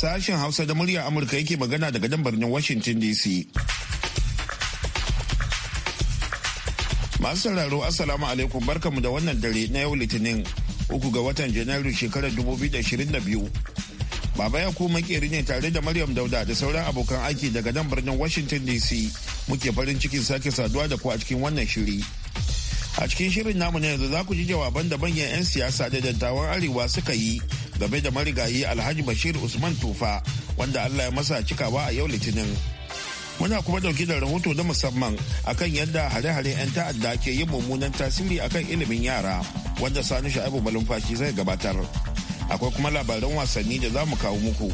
Sashen Hausa da murya Amurka yake magana daga nan birnin Washington DC. Masu sauraro Assalamu alaikum barkamu da wannan dare na yau Litinin uku ga watan Janairu shekarar 2022. Baba ya ku makeri ne tare da Maryam Dauda da sauran abokan aiki daga nan birnin Washington DC muke farin cikin sake saduwa da ku a cikin wannan shiri. a cikin shirin namu na yanzu za ku ji jawaban da manyan 'yan siyasa da dattawan arewa suka yi game da marigayi alhaji bashir usman tufa wanda allah ya masa cikawa a yau litinin muna kuma dauke da rahoto na musamman akan yadda hare-hare 'yan ta'adda ke yin mummunan tasiri akan ilimin yara wanda sani sha'ibu malumfashi zai gabatar akwai kuma labaran wasanni da za mu kawo muku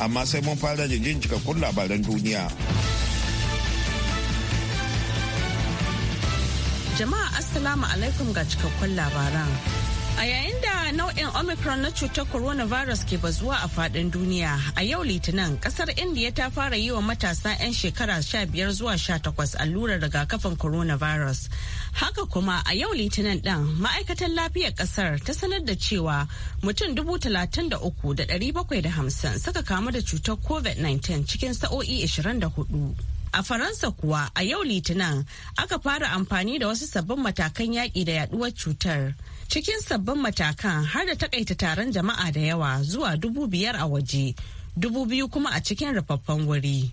amma sai mun fara da jin cikakkun labaran duniya jama'a assalamu alaikum ga cikakkun labaran A yayin da nau'in Omicron na cutar coronavirus ke bazuwa a faɗin duniya, a yau Litinin ƙasar India ta fara yi wa matasa 'yan shekara 15 zuwa 18 allurar rigakafin coronavirus. Haka kuma a yau Litinin ɗin ma'aikatan lafiyar ƙasar ta sanar da cewa mutum 33,750 suka kamu da cutar COVID-19 cikin sa'o'i 24. A Faransa kuwa a yau Litinin aka fara amfani da wasu sabbin matakan yaƙi da yaduwar cutar. Cikin sabbin matakan har da takaita taron jama'a da yawa zuwa dubu biyar a waje, dubu biyu kuma a cikin rufaffen wuri.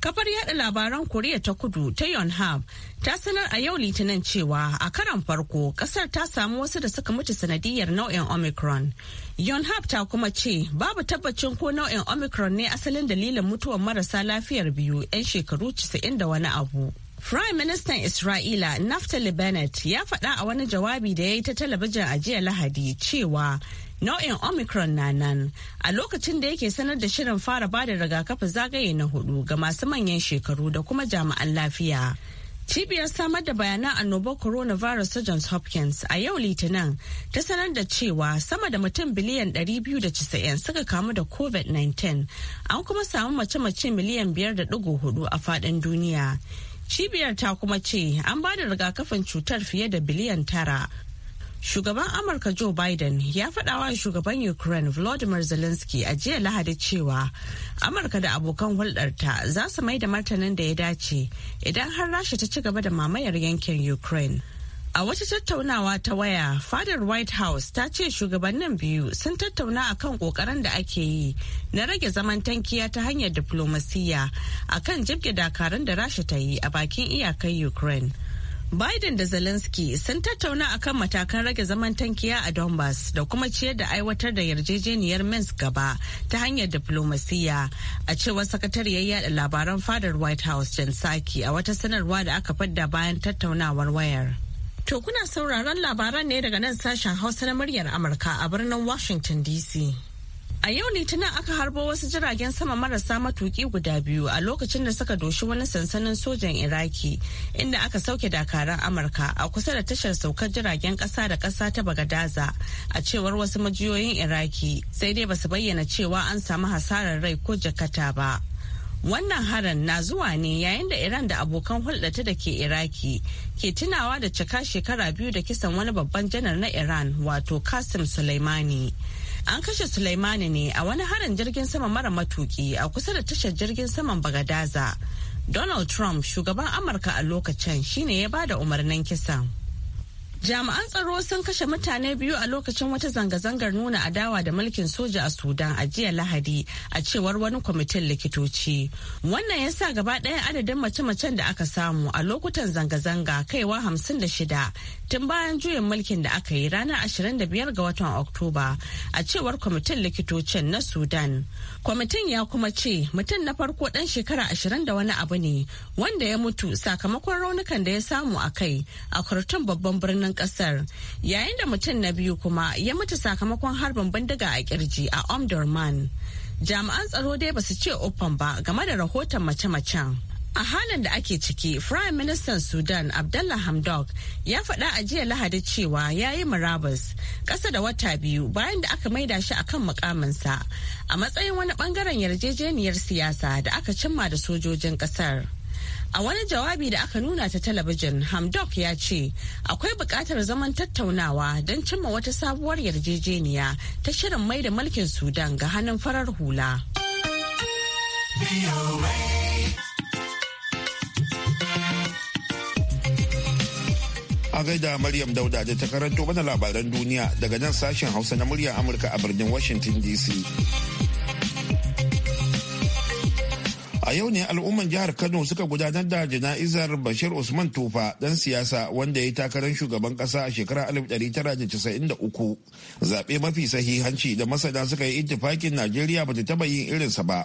Kafar yada labaran Koriya ta kudu ta Yonhap ta sanar a yau litinin cewa a karan farko kasar ta samu wasu da suka mutu sanadiyar nau'in Omicron. Yonhap ta kuma ce babu tabbacin ko nau'in Omicron ne asalin dalilin mutuwar marasa lafiyar biyu 'yan shekaru 90 da wani abu. Prime Ministan Isra'ila Naftali Bennett ya faɗa a wani jawabi da ya yi ta talabijin a jiya Lahadi cewa nau'in omicron na nan a lokacin da yake sanar da shirin fara bada rigakafi zagaye na hudu ga masu manyan shekaru da kuma jami'an lafiya cibiyar samar da bayanan annobar coronavirus ta johns hopkins a yau litinin ta sanar da cewa sama da mutum biliyan 290 suka kamu da covid-19 an kuma samu mace-mace miliyan 5.4 a fadin duniya cibiyar ta kuma ce an ba da rigakafin cutar fiye da biliyan tara Shugaban Amurka Joe Biden ya faɗawa shugaban Ukraine Volodymyr Zelensky a jiya Lahadi cewa Amurka da abokan hulɗarta za su mai da martanin da ya dace idan har Rasha ta ci gaba da mamayar yankin Ukraine. A wata tattaunawa ta waya, fadar White House ta ce shugabannin biyu sun tattauna a kan ƙoƙarin da ake yi na rage zaman tankiya ta hanyar diflomasiyya kan jibge dakarun da Rasha ta yi a bakin iyakar Ukraine. Biden da Zelensky sun tattauna a kan matakan rage zaman tankiya a Donbass da kuma ciyar da aiwatar da yarjejeniyar Minsk gaba ta hanyar diplomasiya a cewar sakatariyar yada labaran fadar White House Jen Psaki a wata sanarwa da aka fadda bayan tattaunawar wayar. To kuna sauraron labaran ne daga nan sashen Hausa na muryar Amurka a birnin Washington DC. A yau Litinin aka harbo wasu jiragen sama marasa matuki guda biyu a lokacin da suka doshi wani sansanin sojan Iraki inda aka sauke dakaran Amurka a kusa da tashar saukar jiragen ƙasa da ƙasa ta Bagadaza a cewar wasu majiyoyin Iraki sai dai basu bayyana cewa an samu hasarar rai ko jakata ba. Wannan harin na zuwa ne yayin da Iran da abokan hulɗata da ke Iraki ke tunawa da cika shekara biyu da kisan wani babban janar na Iran wato kasim Suleimani. An kashe Suleimani ne a wani harin jirgin sama mara matuki a kusa da tashar jirgin saman Bagadaza. Donald Trump shugaban Amurka a lokacin shine ya bada umarnin kisan. Jami'an tsaro sun kashe mutane biyu a lokacin wata zanga-zangar nuna adawa da mulkin soja a Sudan a jiya Lahadi a cewar wani kwamitin likitoci. Wannan ya sa gaba ɗaya adadin mace-macen da aka samu a lokutan zanga-zanga kaiwa hamsin da shida tun bayan juyin mulkin da aka yi ranar 25 ga watan Oktoba a cewar kwamitin likitocin na Sudan. Kwamitin ya kuma ce mutum na farko ɗan shekara ashirin da wani abu ne wanda ya mutu sakamakon raunukan da ya samu a kai a kurtun babban birnin birnin kasar yayin da mutum na biyu kuma ya mutu sakamakon harbin bindiga a kirji a omdurman jami'an tsaro dai basu ce uffan ba game da rahoton mace-macen a halin da ake ciki prime minister sudan abdullah hamdok ya faɗa a jiya lahadi cewa ya yi murabus ƙasa da wata biyu bayan da aka maida shi akan mukaminsa a matsayin wani ɓangaren yarjejeniyar siyasa da aka cimma da sojojin ƙasar A wani jawabi da aka nuna ta talabijin, Hamdok ya ce akwai buƙatar zaman tattaunawa don cimma wata sabuwar yarjejeniya ta shirin mai da mulkin Sudan ga hannun farar hula. A gaida Maryam Dauda da ta karanto mana labaran duniya daga nan sashen Hausa na muryar Amurka a birnin Washington DC. a yau ne al'umman jihar kano suka gudanar da jana'izar bashir usman tufa dan siyasa wanda ya yi takarar shugaban kasa a shekara alif da casa'in da uku. zaɓe mafi sahihanci da masana suka yi ittifakin najeriya ba ta taɓa yin irinsa ba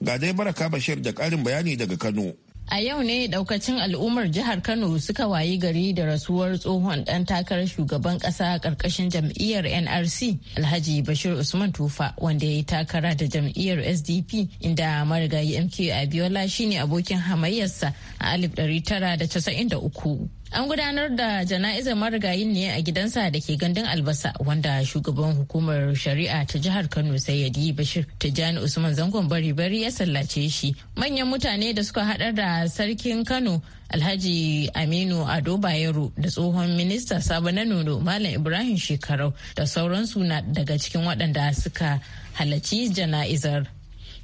ga dai baraka bashir da ƙarin bayani daga kano A yau ne daukacin al'ummar jihar Kano suka wayi gari da rasuwar tsohon dan takarar shugaban kasa karkashin jam'iyyar NRC Alhaji Bashir Usman Tufa wanda ya yi takara da jam'iyyar SDP inda marigayi MK Abiola shine abokin hamayyarsa a 1993. An gudanar da jana'izar marigayin ne a gidansa da ke gandun albasa wanda shugaban hukumar shari'a ta jihar Kano sai Sayyadi Bashir Tijjani Usman Zangon Bari Bari ya sallace shi. Manyan mutane da suka haɗar da sarkin Kano Alhaji Aminu Ado Bayero da tsohon minista Sabo na Nono Malam Ibrahim Shekarau da sauransu na daga cikin waɗanda suka halarci jana'izar.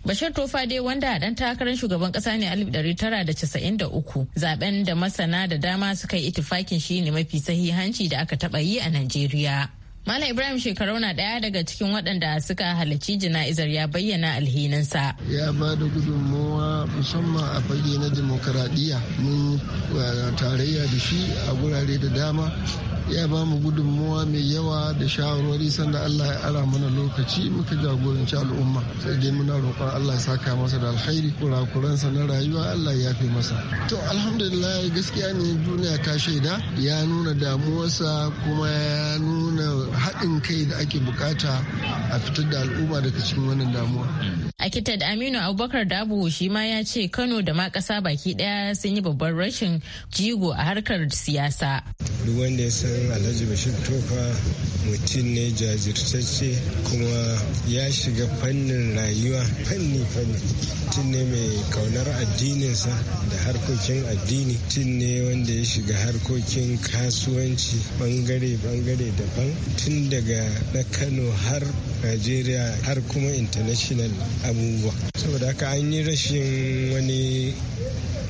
Bashir Tofa dai wanda dan takarar shugaban ƙasa ne 1993 zaben da masana da dama suka yi itifakin shi ne mafi sahihanci da aka taɓa yi a Najeriya. Malam Ibrahim Shekarau na ɗaya daga cikin waɗanda suka halarci jana'izar ya bayyana alhininsa. Ya ba da gudunmawa musamman a fage na demokaradiyya mun eh, tarayya da shi a gurare da dama ya ba mu gudunmuwa mai yawa da shawarwari sanda Allah ya ara mana lokaci muka jagoranci al'umma sai dai muna roƙon Allah ya saka masa da alkhairi kurakuransa na rayuwa Allah ya yafe masa to alhamdulillah gaskiya ne duniya ta shaida ya nuna damuwarsa kuma ya nuna haɗin kai da ake bukata a fitar da al'umma daga cikin wannan damuwa Akitad Aminu Abubakar Dabo shi ma ya ce Kano da ma ƙasa baki ɗaya sun yi babban rashin jigo a harkar siyasa. Duk wanda ya san san alhaji bashir tofa mutum ne jajirtacce kuma ya shiga fannin rayuwa fanni fanni tun ne mai kaunar addininsa da harkokin addini tun ne wanda ya shiga harkokin kasuwanci bangare bangare daban tun daga na kano har nigeria har kuma international abubuwa saboda haka an yi rashin wani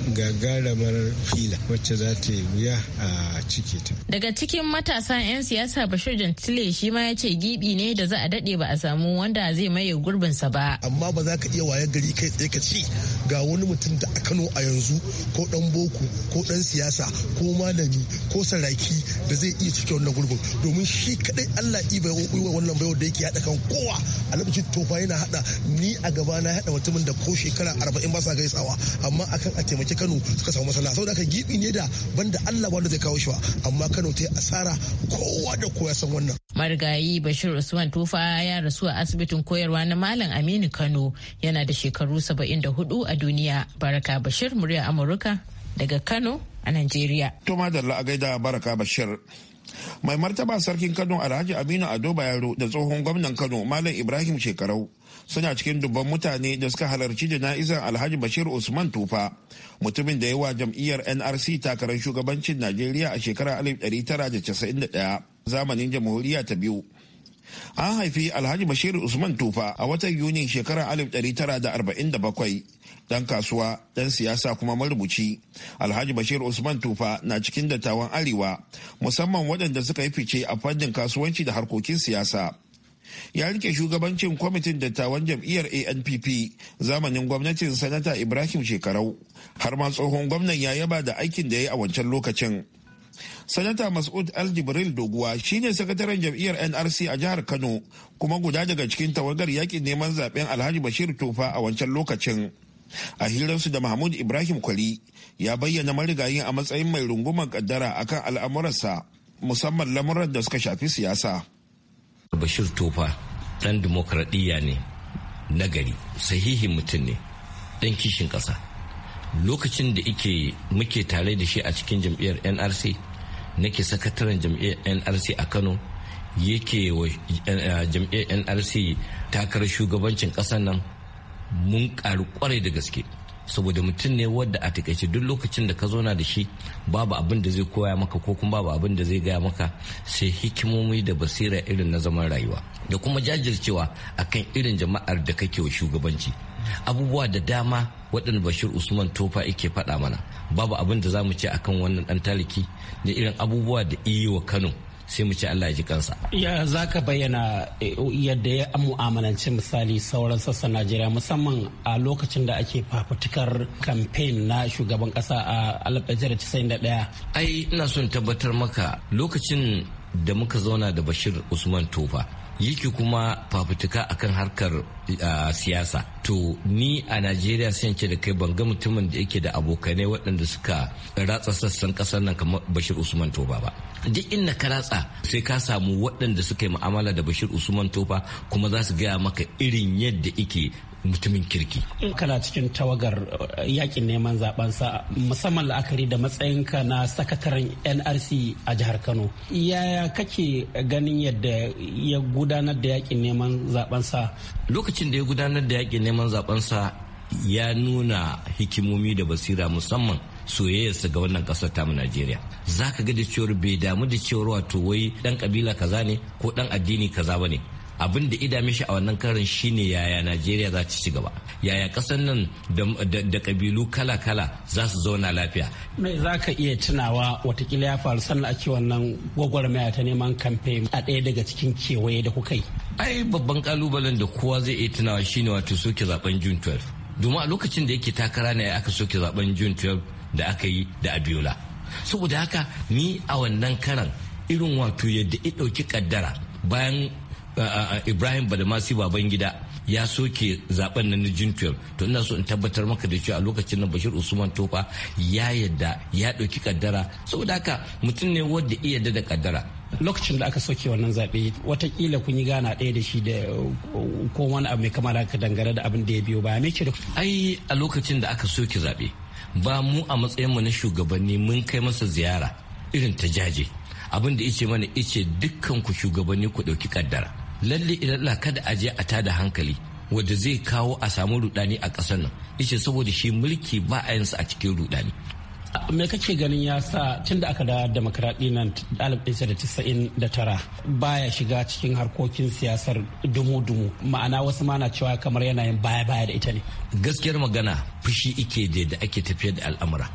gagarumar fila wacce za ta yi wuya a cike ta. Daga cikin matasan 'yan siyasa Bashir Jantile shi ma ya ce gibi ne da za a daɗe ba a samu wanda zai maye gurbin sa ba. Amma ba za ka iya waye gari kai tsaye ka ce ga wani mutum da a Kano a yanzu ko ɗan boko ko ɗan siyasa ko malami ko saraki da zai iya cike wannan gurbin domin shi kaɗai Allah iba wa wannan baiwa da yake haɗa kan kowa a lokacin tofa yana haɗa ni a gaba na haɗa mutumin da ko shekara arba'in ba sa gaisawa amma akan a taimaki kano suka samu masana saboda haka gibi ne da banda allah wanda zai kawo shi ba amma kano ta yi asara kowa da kowa san wannan marigayi bashir usman tufa ya rasu a asibitin koyarwa na malam aminu kano yana da shekaru da hudu a duniya baraka bashir murya amurka daga kano a nigeria to madalla a gaida baraka bashir mai martaba sarkin kano alhaji aminu ado da tsohon gwamnan kano malam ibrahim shekarau suna cikin dubban mutane da suka halarci jana'izar alhaji bashir usman tufa mutumin da ya jam'iyyar nrc takarar shugabancin najeriya a shekarar 1991 zamanin jamhuriya ta biyu an haifi alhaji bashir usman tufa a watan yuni shekarar 1947 dan kasuwa dan siyasa kuma marubuci alhaji bashir usman tufa na cikin dattawan arewa musamman waɗanda suka yi fice a fannin kasuwanci da harkokin siyasa ya rike shugabancin kwamitin dattawan jam'iyyar anpp zamanin gwamnatin sanata ibrahim shekarau har ma tsohon gwamnan ya yaba da aikin da ya yi a wancan lokacin sanata mas'ud aljibril doguwa shine sakataren jam'iyyar nrc a jihar kano kuma guda daga cikin tawagar yakin neman zaben alhaji bashir tofa a wancan lokacin a hirarsu da mahmud ibrahim kwali ya bayyana marigayin a matsayin mai rungumar kaddara akan al'amuransa musamman lamuran da suka shafi siyasa bashir tofa ɗan demokradiyya ne nagari sahihin mutum ne ɗan kishin ƙasa lokacin da ike muke tare da shi a cikin jam'iyyar nrc nake sakataren jam'iyyar nrc a kano yake wa eh, jam'iyyar nrc takarar shugabancin ƙasar nan mun ƙaru kwarai da gaske saboda mutum ne wadda a takaice duk lokacin da ka zauna da shi babu abin da zai koya maka ko kuma babu abin da zai gaya maka sai hikimomi da basira irin na zaman rayuwa da kuma jajircewa akan irin jama'ar da kake wa shugabanci abubuwa da dama waɗanda bashir usman tofa yake faɗa mana babu abin da za mu ce akan wannan ɗan taliki da irin abubuwa da iyo wa kano sai mu ci Allah ji kansa ya ka bayyana eh, yadda ya mu'amalanci misali sauran sassan Najeriya musamman a lokacin da ake fafutukar kamfen na shugaban kasa a 1991 ai ina son tabbatar maka lokacin da muka zauna da Bashir Usman Tofa yake kuma fafutuka akan harkar siyasa to ni a najeriya sai da kai ban ga mutumin da yake da abokanai waɗanda suka ratsa sassan ƙasar nan kamar bashir usman toba ba duk inda ka ratsa sai ka samu waɗanda suka yi mu'amala da bashir usman tofa kuma za su gaya maka irin yadda ike mutumin kirki. Kana cikin tawagar uh, yakin neman zabansa musamman la'akari da matsayinka na sakataren NRC a jihar Kano. Yaya kake ganin yadda ya gudanar da yakin neman zabansa? Lokacin da ya gudanar da yakin neman zabansa ya nuna hikimomi da basira musamman soyayyarsa ga wannan kasar tamu Najeriya. Za ka ga da cewar bai damu da cewar wato wai ɗan kabila kaza ne ko ɗan addini kaza ba ne. abin da ida mishi a wannan karin shine yaya najeriya za ta ci gaba yaya kasan nan da kabilu kala-kala za su zauna lafiya mai za ka iya tunawa watakila ya faru sannan ake wannan gwagwarmaya ta neman kamfe a ɗaya daga cikin kewaye da kuka yi ai babban kalubalen da kowa zai iya tunawa shine wato soke zaben june 12 domin a lokacin da yake takara ne aka soke zaben june 12 da aka yi da abiola saboda haka ni a wannan karan irin wato yadda ya ɗauki kaddara bayan ibrahim badamasi baban gida ya soke zaben nan na junfiyar to ina so in tabbatar maka da cewa a lokacin nan bashir usman tofa ya yadda ya ɗauki kaddara saboda haka mutum ne wanda iya da kaddara lokacin da aka soke wannan zaɓe watakila kun yi gana ɗaya da shi da ko wani abu mai kamar haka dangane da abin da ya biyo ba ya da ai a lokacin da aka soke zaɓe ba mu a matsayin mu na shugabanni mun kai masa ziyara irin ta jaje abin da ice mana ice dukkan ku shugabanni ku ɗauki kaddara lalle ilalla kada a je a tada hankali wanda zai kawo a samu rudani a kasar nan ishe saboda shi mulki ba a yinsa a cikin rudani me kake ganin ya sa tun da aka da demokradi nan tara baya shiga cikin harkokin siyasar dumu-dumu ma'ana wasu mana cewa kamar yanayin baya-baya da ita ne gaskiyar magana fushi ike da da ake tafiyar da al'amura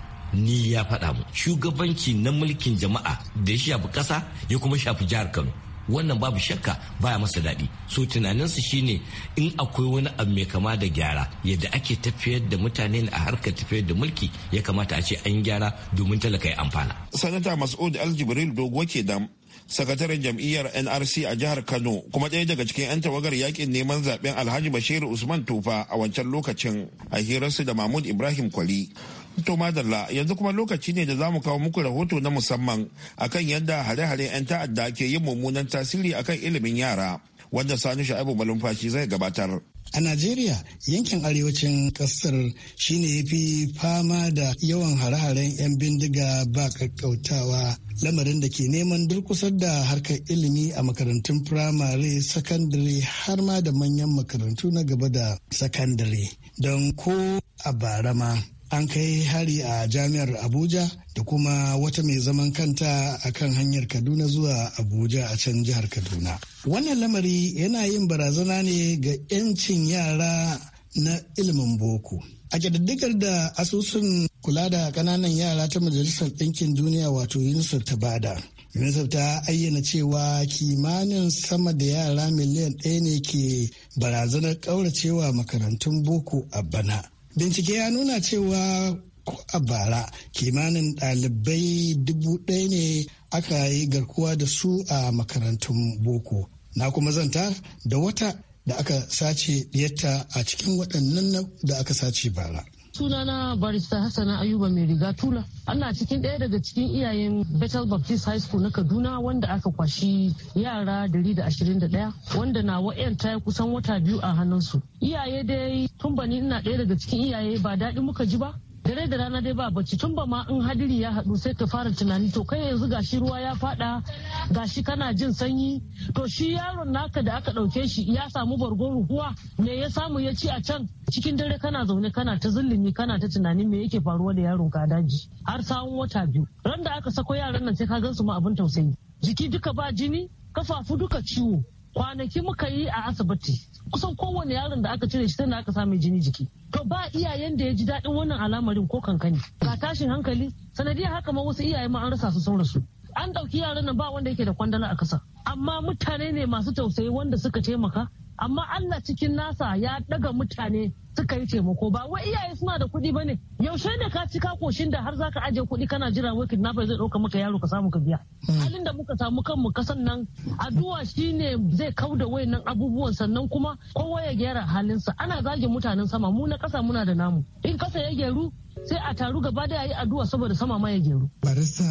ni ya faɗa mu shugabanci na mulkin jama'a da ya shafi ƙasa ya kuma shafi jihar kano wannan babu shakka baya masa daɗi so tunaninsu shine in akwai wani abu mai kama da gyara yadda ake tafiyar da mutane a harkar tafiyar da mulki ya kamata a ce an gyara domin talaka ya amfana. sanata mas'ud aljibril dogo ke dam sakataren jam'iyyar nrc a jihar kano kuma ɗaya daga cikin 'yan tawagar yakin neman zaben alhaji bashir usman tufa a wancan lokacin a hirarsu da mahmud ibrahim kwali To madalla yanzu kuma lokaci ne da za mu kawo muku rahoto na musamman akan yadda hare-hare 'yan ta'adda ke yin mummunan tasiri akan ilimin yara wanda sani sha'ibu malumfashi zai gabatar. A Najeriya yankin arewacin kasar shine ya fi fama da yawan hare-haren 'yan bindiga ba kakkautawa lamarin da ke neman durkusar da harkar ilimi a makarantun firamare sakandare har ma da manyan makarantu na gaba da sakandare don ko a barama an kai hari a jami'ar abuja da kuma wata mai zaman kanta a kan hanyar kaduna zuwa abuja a can jihar kaduna wannan lamari yana yin barazana ne ga 'yancin yara na ilimin boko a ƙididdigar da asusun kula da ƙananan yara ta majalisar ɗinkin duniya wato unicef ta bada unicef ta ayyana cewa kimanin sama da yara miliyan ɗaya ne ke barazanar ƙauracewa makarantun boko a bana bincike ya nuna cewa ko a bara kimanin ɗalibai dubu ɗaya ne aka yi garkuwa da su a makarantun boko na kuma zanta da wata da aka sace yatta a cikin waɗannan da aka sace bara sunana barista hassana ayuba mai riga tula ana cikin ɗaya daga cikin iyayen betel baptist high school na kaduna wanda aka kwashi yara 121 wanda na wa'yan ta kusan wata biyu a hannunsu iyaye dai tun bani ina ɗaya daga cikin iyaye ba daɗi muka ji ba dare da rana dai ba bacci tun ba ma in hadiri ya haɗu sai ka fara tunani to kai yanzu gashi ruwa ya faɗa gashi kana jin sanyi to shi yaron naka da aka ɗauke shi ya samu bargon ruhuwa me ya samu ya ci a can cikin dare kana zaune kana ta zullumi kana ta tunani me yake faruwa da yaron ka daji har sawun wata biyu ran da aka sako yaran nan sai ka gan su ma abin tausayi jiki duka ba jini kafafu duka ciwo kwanaki muka yi a asibiti kusan kowane yaron da aka cire shi tana aka samu jini jiki to ba iyayen da ya ji daɗin wannan alamarin ko kankani ga tashin hankali sanadiyar haka ma wasu iyaye ma an rasa su sun rasu an ɗauki yaran nan ba wanda yake da kwandala a ƙasa amma mutane ne masu tausayi wanda suka taimaka amma Allah cikin nasa ya ɗaga mutane suka yi taimako ba wai iyaye suna da kuɗi bane yaushe ne ka ci ka koshin da har zaka ajiye kuɗi kana jira wai kidnapper zai ɗauka maka yaro ka samu ka biya hmm. halin da muka samu kanmu kasan nan addu'a shine zai kau da wayannan abubuwan sannan kuma kowa ya gyara sa ana zage mutanen sama mu na kasa muna da namu in ƙasa ya gyaru sai a taru gaba da yayi addu'a saboda sama ma ya gyaru. Barista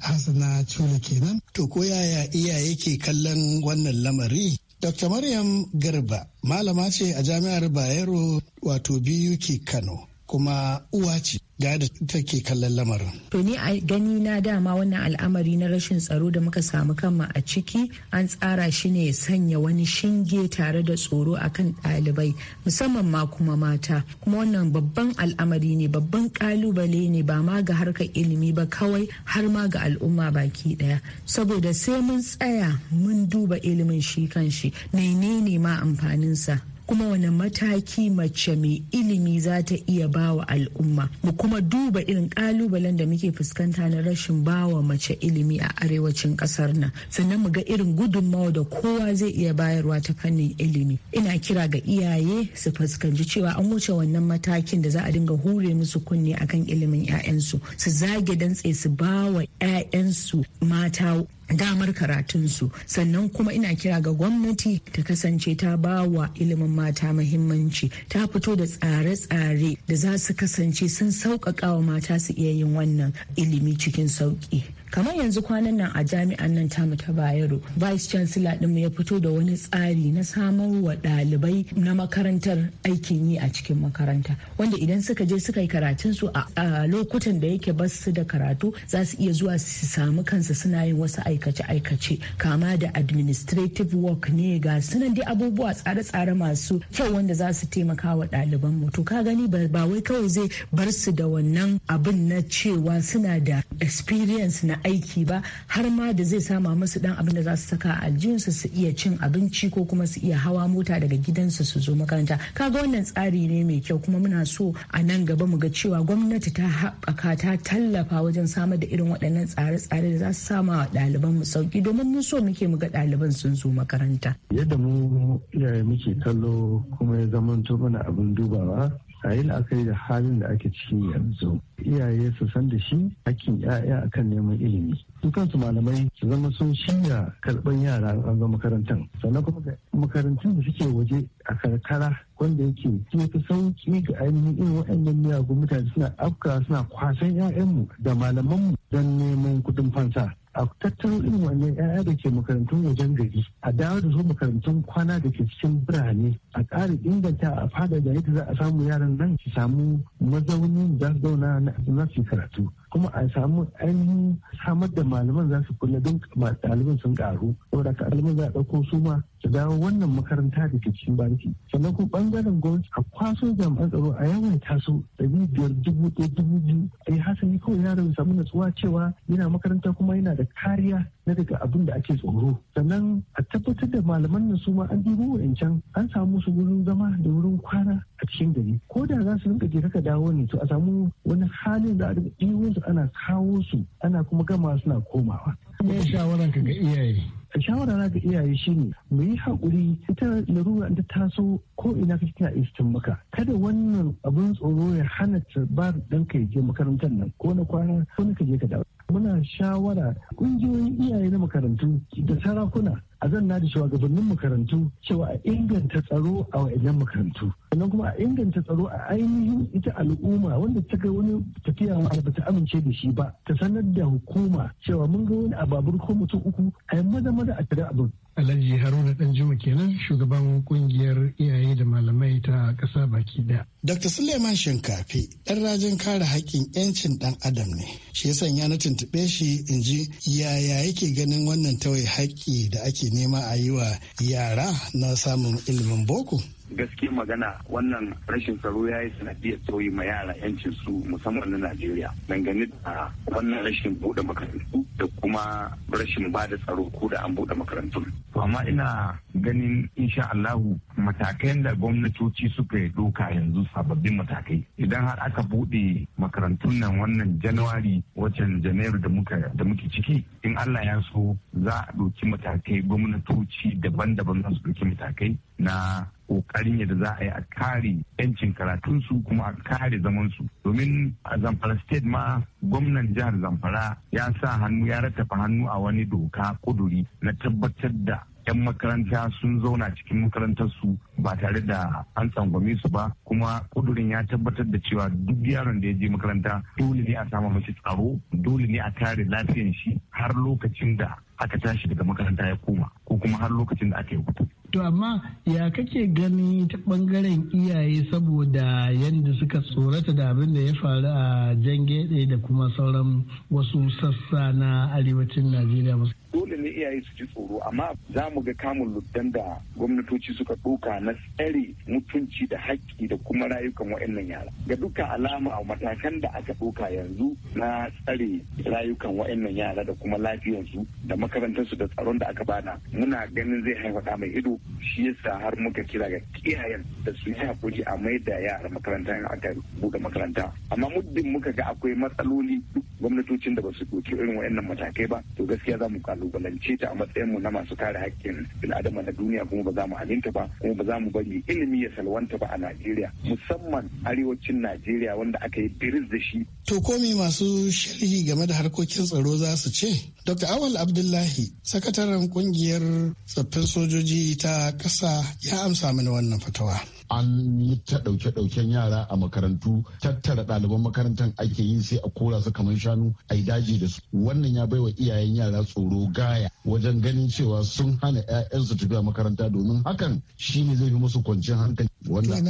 Hassana Cule kenan. To ko yaya iyaye ke kallon wannan lamari Dr. Maryam Garba malama ce a jami'ar Bayero wato BUK Kano. kuma uwa ce ga da take kallon lamarin. To ni a gani na dama wannan al'amari na rashin tsaro da muka samu kanmu a ciki an tsara shi ne sanya wani shinge tare da tsoro akan ɗalibai musamman ma kuma mata kuma wannan babban al'amari ne babban kalubale ne ba ma ga harkar ilimi ba kawai har ma ga al'umma baki ɗaya saboda sai mun tsaya mun duba ilimin shi kan shi menene ma amfaninsa kuma wani mataki mace mai ilimi za ta iya bawa al'umma mu kuma duba irin kalubalen da muke fuskanta na rashin bawa mace ilimi a arewacin kasar nan sannan mu ga irin gudunmawa da kowa zai iya bayarwa ta fannin ilimi ina kira ga iyaye su fuskanci cewa an wuce wannan matakin da za a dinga hure musu kunne akan ilimin 'ya'yansu su zage dantse su bawa 'ya'yansu mata damar karatunsu sannan kuma ina kira ga gwamnati ta kasance ta ba wa ilimin mata mahimmanci ta fito da tsare-tsare da za su kasance sun sauƙaƙa wa mata su iya yin wannan ilimi cikin sauƙi kamar yanzu kwanan nan a jami'an nan ta mu ta bayero vice chancellor ɗinmu ya fito da wani tsari na samar wa ɗalibai na makarantar aikin yi a cikin makaranta wanda idan suka je suka yi karatun su a lokutan da yake ba su da karatu za su iya zuwa su samu kansu suna yin wasu aikace-aikace kama da administrative work ne ga sunan dai abubuwa tsare-tsare masu kyau wanda za su taimaka wa ɗaliban mu to ka gani ba wai kawai zai bar su da wannan abin na cewa suna da experience na aiki ba har ma da zai sama musu dan abin da za su saka a jinsu su iya cin abinci ko kuma su iya hawa mota daga gidansu su zo makaranta kaga wannan tsari ne mai kyau kuma muna so a nan gaba mu ga cewa gwamnati ta haɓaka ta tallafa wajen samar da irin waɗannan tsare-tsare da za su sama wa ɗaliban mu sauki domin mun so muke mu ga ɗaliban sun zo makaranta. Yadda mu iyaye muke kallo kuma ya zamanto mana abin dubawa a yi la'akari da halin da ake ciki yanzu iyaye su san da shi hakkin ya'ya akan neman ilimi su kansu malamai su zama sun shirya karɓar yara a zo makarantar sannan kuma makarantun da suke waje a karkara wanda yake ya fi sauki ga ainihin irin waɗannan miyagun mutane suna afka suna kwasan 'ya'yanmu da malamanmu don neman kudin fansa a tattaro irin wannan 'ya'ya da ke makarantun wajen gari a dawo da su makarantun kwana da ke cikin birane a ƙara inganta a fada da yadda za a samu yaran nan su samu mazaunin da zauna na su karatu kuma a samu ainihin samar da malaman za su kula don ɗaliban sun karu saboda ka ɗaliban za a ɗauko su ma su dawo wannan makaranta da ke cikin banki sannan kuma ɓangaren gwamnati a kwaso jami'an tsaro a yawan taso ɗari biyar dubu ɗaya dubu biyu ai hasali kawai yaron samu natsuwa cewa yana makaranta kuma yana da kariya na daga abin da ake tsoro sannan a tabbatar da malaman nan su ma an wa can an samu su wurin zama da wurin kwana a cikin gari ko da za su rinka je ka dawo ne to a samu wani halin da a dibo su ana kawo su ana kuma gama suna komawa. Me shawaran ka ga iyaye? shawara na ga iyaye shine mu yi haƙuri ita larura ta taso ko ina kake tana istin maka kada wannan abin tsoro ya hana ta ba dan ka je makarantar nan ko na kwana ko na ka je ka dawo muna shawara ƙungiyoyin iyaye na makarantu da sarakuna a zan zanna da shugabannin makarantu cewa a inganta tsaro a wa'annan makarantu sannan kuma a inganta tsaro a ainihin ita al'umma wanda ta ga wani tafiya wanda ba ta amince da shi ba ta sanar da hukuma cewa mun ga wani ababur ko mutum uku a yi maza maza a tare abin Alhaji Haruna Danjuma kenan shugaban kungiyar iyaye da malamai ta ƙasa baki ɗaya. Dr. Suleiman Shinkafi ɗan rajin kare haƙƙin 'yancin ɗan adam ne. Shi ya na tuntuɓe shi in ji yaya yake ganin wannan tawai haƙƙi da ake nema a yi wa yara na samun ilimin boko. gaske magana wannan rashin tsaro ya yi sanadiyar tsoyi ma yara yancin su musamman na najeriya dangane da wannan rashin buɗe makarantu da kuma rashin ba da tsaro ko da an buɗe makarantu amma ina ganin insha allahu matakan da gwamnatoci suka yi doka yanzu sababbin matakai idan har aka bude makarantun nan wannan januwari watan janairu da muke ciki in allah ya so za a ɗauki matakai gwamnatoci daban-daban za su ɗauki matakai na kokarin yadda za a yi a kare yancin karatunsu kuma a kare zamansu domin a zamfara state ma gwamnan jihar zamfara ya sa hannu ya rattafa hannu a wani doka kuduri na tabbatar da 'yan makaranta sun zauna cikin makarantarsu ba tare da an tsangwame su ba kuma kudurin ya tabbatar da cewa duk yaron da ya je makaranta dole ne a samu mashi tsaro dole ne a kare lafiyan shi har lokacin da aka tashi daga makaranta ya koma ko kuma har lokacin da aka yi hutu To amma ya kake gani ta bangaren iyaye saboda yadda suka tsorata da abin da ya faru a jan da kuma sauran wasu sassa na arewacin Najeriya. dole ne iyaye su ci tsoro amma za mu ga kamun luddan da gwamnatoci suka ɗauka na tsare mutunci da haƙƙi da kuma rayukan waɗannan yara ga duka alama a matakan da aka ɗauka yanzu na tsare rayukan waɗannan yara da kuma lafiyarsu da makarantarsu da tsaron da aka bada muna ganin zai haifa da mai ido shi yasa har muka kira ga kiyayen da su yi hakuri a mai da yara makaranta in aka buɗe makaranta amma muddin muka ga akwai matsaloli duk gwamnatocin da ba su ɗauki irin waɗannan matakai ba to gaskiya za mu kalu kalubalance ta a matsayinmu na masu kare haƙƙin bil'adama na duniya kuma ba za mu aminta ba kuma ba za mu bari ilimi ya salwanta ba a Najeriya musamman arewacin Najeriya wanda aka yi biris da shi. To komi masu sharhi game da harkokin tsaro za su ce? Dr. Awal Abdullahi, sakataren kungiyar tsaffin sojoji ta ƙasa ya amsa mini wannan fatawa. an yi ta ɗauke-ɗauken yara a makarantu tattara ɗaliban makarantar ake yi sai a kora su kamar shanu a daji da su wannan ya baiwa iyayen yara tsoro gaya wajen ganin cewa sun hana 'ya'yansu tafiya makaranta domin hakan shine zai fi musu kwanciyar hankali wanda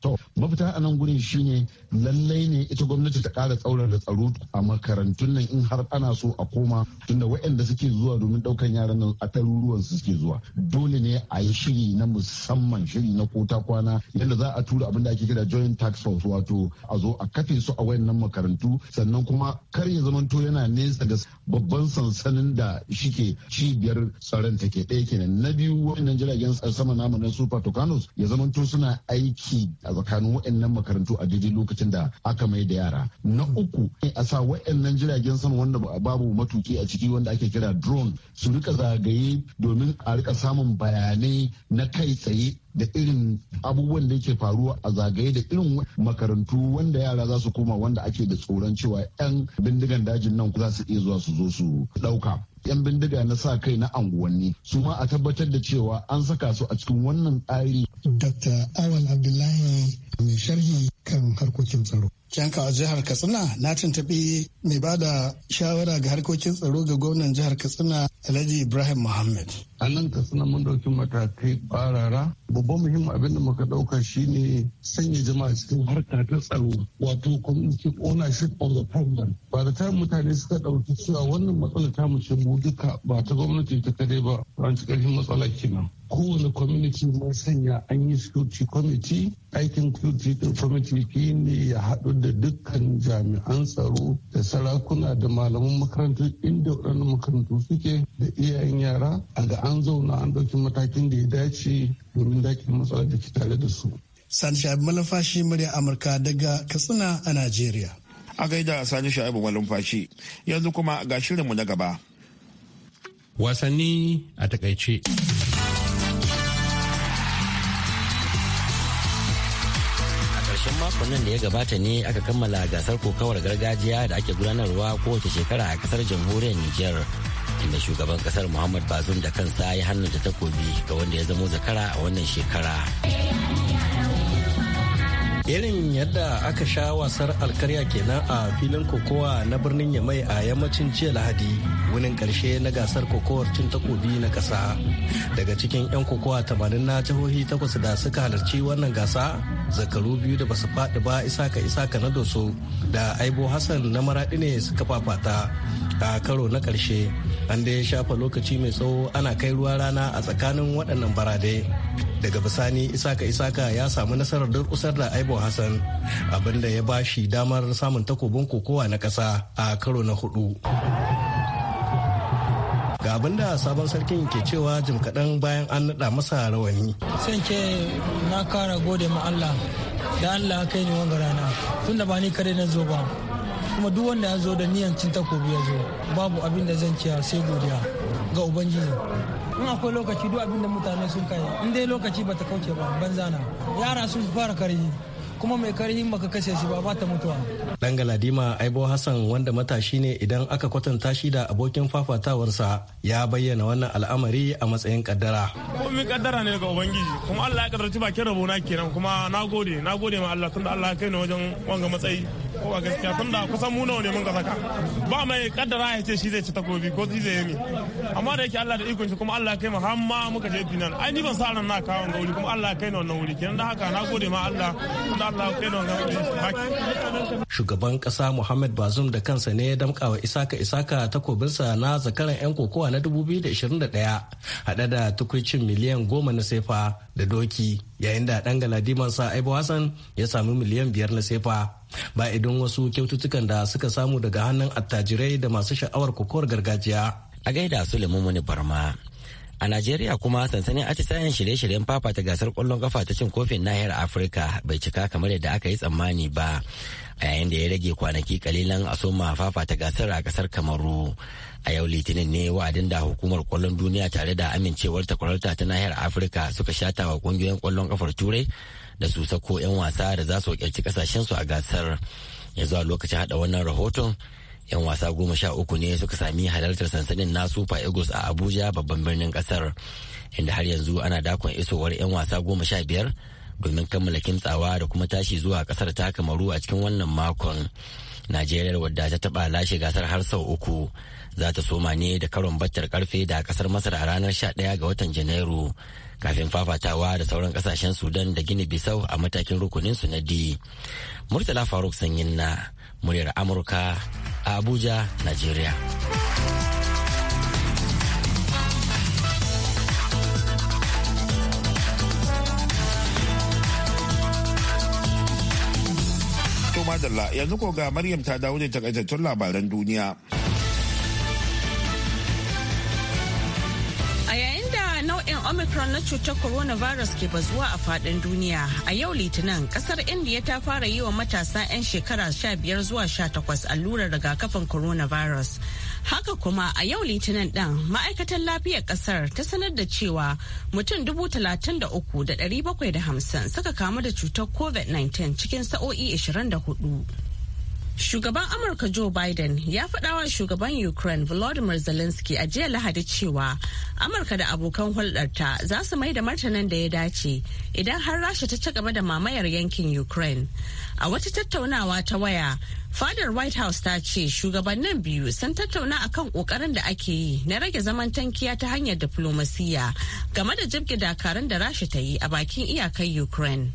to mafita a nan gurin shine lallai ne ita gwamnati ta ƙara tsaurar da tsaro a makarantun nan in har ana so a koma tunda waɗanda suke zuwa domin ɗaukan yaran nan a ɗaruruwan su suke zuwa dole ne a yi shiri na musamman shiri na kota kwana yadda za a tura abin da ake kira joint tax force wato a zo a kafe su a wayannan makarantu sannan kuma kar ya zamanto yana nesa ga babban sansanin da shike cibiyar tsaron take ɗaya kenan na biyu wayannan jiragen sama namu na super tucanos ya zamanto suna aiki a tsakanin wayannan makarantu a daidai lokacin da aka mai da yara na uku a sa wayannan jiragen sama wanda babu matuki a ciki wanda ake kira drone su rika zagaye domin a rika samun bayanai na kai tsaye da irin abubuwan da yake faruwa a zagaye da irin makarantu wanda yara za su koma wanda ake da tsoron cewa 'yan bindigan dajin nan za su iya zuwa su zo su ɗauka 'yan bindiga na sa kai na anguwanni su ma a tabbatar da cewa an saka su a cikin wannan tsari. Dr. Awal Abdullahi mai sharhi kan harkokin tsaro. Canka a jihar Katsina na tuntuɓi mai ba da shawara ga harkokin tsaro ga gwamnan jihar Katsina Alhaji Ibrahim Muhammad. A nan Katsina mun ɗauki matakai barara. Babban muhimmin abin da muka ɗauka shine sanya jama'a cikin harka ta tsaro wato community ownership of the problem. Ba da mutane suka ɗauki cewa wannan matsala ta mu duka ba ta gwamnati ta kadai ba an ci karfin matsala kenan kowane community ma sanya an yi security committee aikin security committee shi ne ya haɗu da dukkan jami'an tsaro da sarakuna da malaman makarantu inda waɗannan makarantu suke da iyayen yara a ga an zauna an ɗauki matakin da ya dace domin dakin matsalar da ke tare da su. Sani Shabi Malafashi murya Amurka daga Katsina a Najeriya. A gaida Sani Shabi Malafashi yanzu kuma ga shirinmu na gaba. wasanni a takaice. karshen makon nan da ya gabata ne aka kammala gasar kokawar gargajiya da ake gudanarwa kowace shekara a kasar jamhuriyar Nijar inda shugaban kasar Muhammad Bazoum da kansa ya hannunta takobi ga wanda ya zamo zakara a wannan shekara. Irin yadda aka sha wasar alkarya kenan a filin kokowa na birnin Yamai a yammacin jiya Lahadi wunin karshe na gasar kokowar cin takobi na kasa Daga cikin 'yan kokowa tamanin na jihohi takwas da suka halarci wannan gasa zakaru biyu da basu faɗi ba isaka isaka na doso da aibo hassan na maraɗi ne suka fafata a karo na karshe an da ya shafa lokaci mai tsawo ana kai ruwa rana a tsakanin waɗannan barade daga bisani isaka isaka ya samu nasarar durkusar da aibo hassan abinda ya ba shi damar samun takobin kokowa na ƙasa a karo na hudu ga abin da sabon sarkin ke cewa jim kaɗan bayan an naɗa masa rawani. san ke na kara gode ma da Allah kai ni wanga rana tun da ba ni kare na zo ba kuma duk wanda ya zo da niyan cin takobi ya zo babu abin da zan ciya sai godiya ga ubangiji in akwai lokaci duk abin da mutane sun kai in dai lokaci ba ta kauce ba banzana yara sun fara karhi kuma mai karhi baka kashe shi ba ta mutuwa. Dan Galadima Aibo Hassan wanda matashi ne idan aka kwatanta shi da abokin fafatawarsa ya bayyana wannan al'amari a matsayin kaddara. Komai kaddara ne ga Ubangiji kuma Allah ya kaddarci bakin rabona kenan kuma na gode na gode ma Allah tunda Allah ya kai ni wajen wanga matsayi kowa gaskiya tun da kusan mu nawa ne mun ka saka ba mai kaddara ya ce shi zai ci takobi ko shi zai yi amma da yake Allah da ikon shi kuma Allah kai mu har ma muka je final ai ni ban sa ran na kawo ga wuri kuma Allah kai na wannan wuri kenan da haka na gode ma Allah da Allah kai na wannan wuri shugaban kasa Muhammad Bazoum da kansa ne ya damka wa Isaka Isaka takobinsa na zakaran yan kokowa na 2021 hada da tukuicin miliyan goma na sefa da doki yayin da ɗan sa aibu hassan ya sami miliyan biyar na sefa ba idan wasu kyaututtukan da suka samu daga hannun attajirai da masu sha'awar kokowar gargajiya a gaida suleiman muni barma A Najeriya kuma sansanin atisayen shirye-shiryen ta gasar kwallon kafa ta cin kofin nahiyar Afirka bai cika kamar yadda aka yi tsammani ba a yayin da ya rage kwanaki kalilan a soma ta gasar a kasar Kamaru. A yau Litinin ne wa'adin da hukumar kwallon duniya tare da amincewar takwararta ta nahiyar Afirka suka shata wa kungiyoyin kwallon kafar Turai da su sako 'yan wasa da za su wakilci kasashensu a gasar. Ya a lokacin hada wannan rahoton 'yan wasa goma sha uku ne suka sami halartar sansanin na super eagles a abuja babban birnin kasar inda har yanzu ana dakon isowar 'yan wasa goma sha biyar domin kammala kintsawa da kuma tashi zuwa kasar ta kamaru a cikin wannan makon najeriya wadda ta taba lashe gasar har sau uku za ta soma ne da karon battar karfe da kasar masar a ranar sha 11 ga watan janairu kafin fafatawa da sauran kasashen sudan da gini bisau a matakin rukunin su na d murtala faruk sanyin na muryar amurka a Abuja, Najeriya. madalla yanzu ko ga Maryam ta dawo da takaitattun labaran duniya. omicron na cutar coronavirus ke bazuwa a fadin duniya a yau litinin kasar india ta fara yi wa matasa 'yan shekara 15 zuwa 18 allurar rigakafin coronavirus haka kuma a yau litinin ɗin ma'aikatan lafiyar kasar ta sanar da cewa mutum 33,750 suka kamu da cutar covid-19 cikin sa'o'i 24 Shugaban Amurka Joe Biden ya faɗa wa shugaban Ukraine Volodymyr Zelensky a jiya Lahadi cewa Amurka da abokan hulɗarta za su mai da martanin da ya dace idan har Rasha ta ci gaba da mamayar yankin Ukraine. A wata tattaunawa ta waya, fadar White House ta ce shugabannin biyu sun tattauna akan kokarin da ake yi na rage zaman tankiya ta hanyar diflomasiyya game da jibge dakarun da Rasha ta yi a bakin iyakar Ukraine.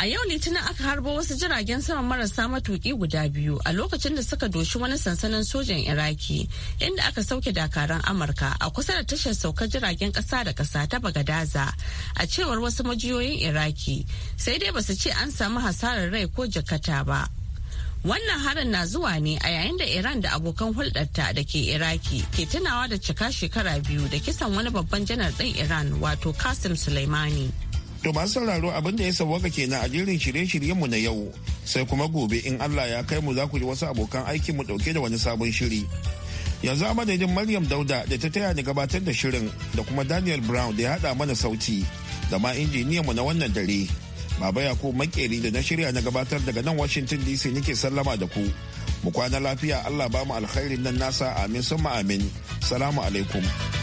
A yau Litinin aka harbo wasu jiragen sama marasa matuki guda biyu a lokacin da suka doshi wani sansanin sojan Iraki inda aka sauke dakaran Amurka a kusa da tashar saukar jiragen kasa da kasa ta Bagadaza a cewar wasu majiyoyin Iraki sai dai basu ce an samu hasarar rai ko jakata ba. Wannan harin na zuwa ne a yayin da Iran da abokan hulɗarta da ke Iraki ke tunawa da cika shekara biyu da kisan wani babban janar ɗin Iran wato Qasim Soleimani. To masu sauraro abin da ya sauwaka kenan a jirin shirye-shiryenmu na yau sai kuma gobe in Allah ya kai mu za ku ji wasu abokan aikin mu dauke da wani sabon shiri. Yanzu a madadin Maryam Dauda da ta taya ni gabatar da shirin da kuma Daniel Brown da ya haɗa mana sauti da ma mu na wannan dare. Baba Yakubu Makeri da na shirya na gabatar daga nan Washington DC nake sallama da ku. Mu kwana lafiya Allah ba mu alkhairin nan nasa amin summa amin. Salamu alaikum.